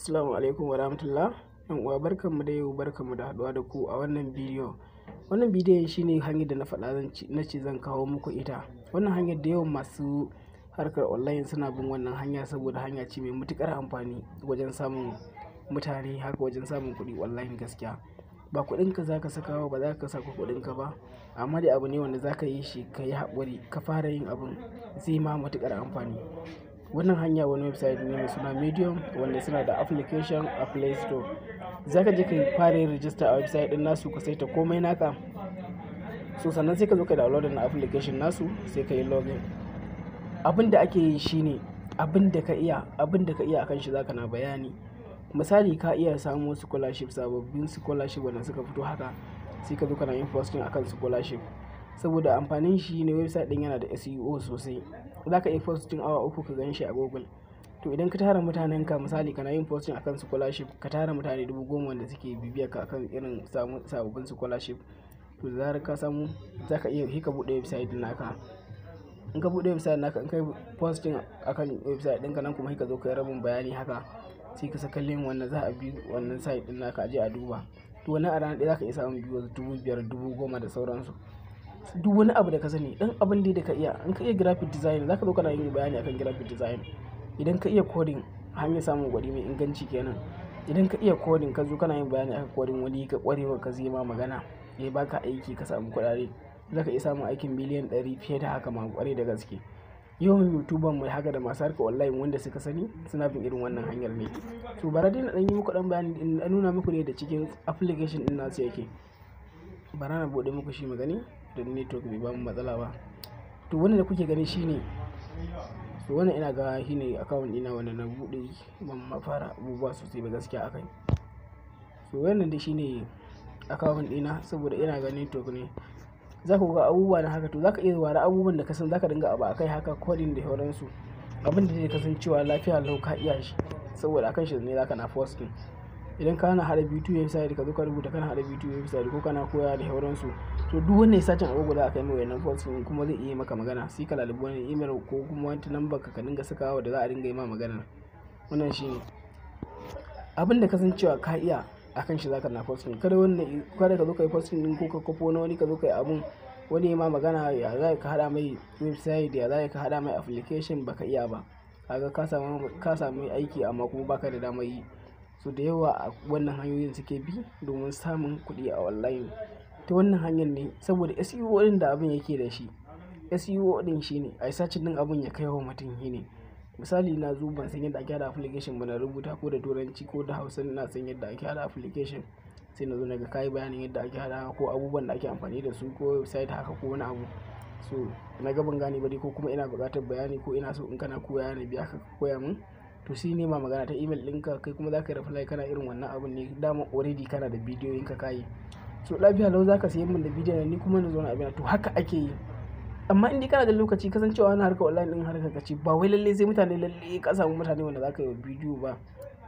Assalamu alaikum wa rahmatullah. Yan uwa barkanmu da yau barkanmu da haɗuwa da ku a wannan bidiyo. Wannan bidiyon shine hanyar da na faɗa na ce zan kawo muku ita. Wannan hanyar da yawan masu harkar online suna bin wannan hanya saboda hanya ce mai matukar amfani wajen samun mutane har wajen samun kuɗi online gaskiya. Ba kuɗinka za ka saka ba za ka saka kuɗinka ba amma dai abu ne wanda zaka yi shi ka yi haƙuri ka fara yin abun zai ma matukar amfani. wannan hanya wani website ne mai suna medium wanda suna da application a play store za ka je ka fara yin rijista a website din nasu ka saita komai naka so sannan sai ka zo ka download na application nasu sai ka yi login abin da ake yi shine abin ka iya abin da ka iya akan shi zaka na bayani misali ka iya samu scholarship sababbin scholarship wanda suka fito haka sai ka zo kana yin posting akan scholarship saboda amfanin shi ne website din yana da SEO sosai za ka iya posting awa uku ka gan shi a Google to idan ka tara mutanen ka misali kana yin posting akan scholarship ka tara mutane dubu goma wanda suke bibiya ka akan irin sababbin scholarship to da zarar ka samu za ka iya hika buɗe website naka in ka buɗe website naka in kai posting akan website ka nan kuma hika zo kai rabin bayani haka sai ka saka link wannan za a bi wannan site din naka a je a duba to wannan a ranar ɗaya za ka iya samun biyu dubu biyar dubu goma da sauransu duk wani abu da ka sani dan abin da ka iya in ka iya graphic design zaka zo kana yin bayani akan graphic design idan ka iya coding hanyar samun gwari mai inganci kenan idan ka iya coding ka zo kana yin bayani akan coding wani ka kwarewa ka zima magana ya baka aiki ka samu za zaka iya samun aikin miliyan ɗari fiye da haka ma kware da gaske yawan youtuber mai haka da masu harka online wanda suka sani suna bin irin wannan hanyar ne to bara dai na dan yi muku dan bayani in nuna muku ne da cikin application din nasu yake bara na bude muku shi magani don network bai ba mu matsala ba to wannan da kuke gani shine to wannan ina ga shine account ina wanda na bude ban ma fara abubuwa sosai ba gaskiya akai to wannan da shine account ina saboda ina ga network ne za ku ga abubuwa na haka to za ka iya zuwa da abubuwan da ka san za ka dinga abu akai haka coding da sauransu abin da zai kasancewa lafiya lau ka iya shi saboda akan shi ne za ka na foskin idan kana hada bitu website ka zo ka rubuta kana hada bitu website ko kana koya da hauransu to duk wani ya sacin abu guda kai mai wannan post kuma zai iya maka magana sai ka lalubu wani email ko kuma wani number ka ka dinga sakawa da za a dinga yi ma magana wannan shine abin da cewa ka iya akan shi zaka na posting kada wanda kada ka zo kai posting din ko ka kofo na wani ka zo kai abun wani ma magana ya za ka hada mai website ya za ka hada mai application baka iya ba kaga ka samu aiki amma kuma baka da damar yi so da yawa a wannan hanyoyin suke bi domin samun kuɗi a online ta wannan hanyar ne saboda SEO ɗin da abin yake da shi SEO ɗin shine ai sacin ɗin abin ya kai wa mutum ne misali na zo ban san yadda ake hada application ba na rubuta ko da turanci ko da hausa na san yadda ake hada application sai na zo na ga kayi bayanin yadda ake hada ko abubuwan da ake amfani da su ko website haka ko wani abu so na ga ban gane ba dai ko kuma ina buƙatar bayani ko ina so in kana koya na biya ka koya min to shi ne ma magana ta email ɗinka kai kuma za ka yi reply kana irin wannan abin ne dama already kana da bidiyo bidiyoyin ka yi so lafiya lau za ka sayi min da bidiyon ni kuma na zo na abin to haka ake yi amma in kana da lokaci kasancewa na harka online din harka ce ba wai lalle sai mutane lalle ka samu mutane wanda zaka yi bidiyo ba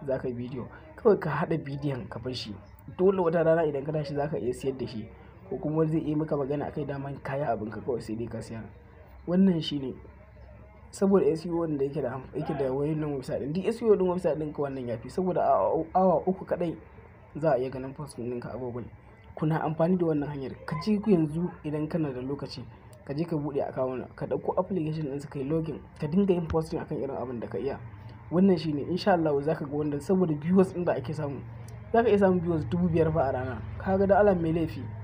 zaka yi bidiyo kawai ka haɗa bidiyon ka bar shi dole wata rana idan ka tashi zaka iya siyar da shi ko kuma zai iya maka magana akai daman kaya abin ka kawai sai dai ka siyar wannan shine saboda SEO da yake da yake da wayannan website din SEO din website din ka wannan yafi saboda a awa uku kadai za a iya ganin post din ka a Google kuna amfani da wannan hanyar ka je ku yanzu idan kana da lokaci ka je ka bude account ka dauko application din ka yi login ka dinga yin posting akan irin abin da ka iya wannan shine insha Allah ka ga wannan saboda viewers din da ake samu za ka iya samun viewers dubu biyar fa a rana kaga da alam mai laifi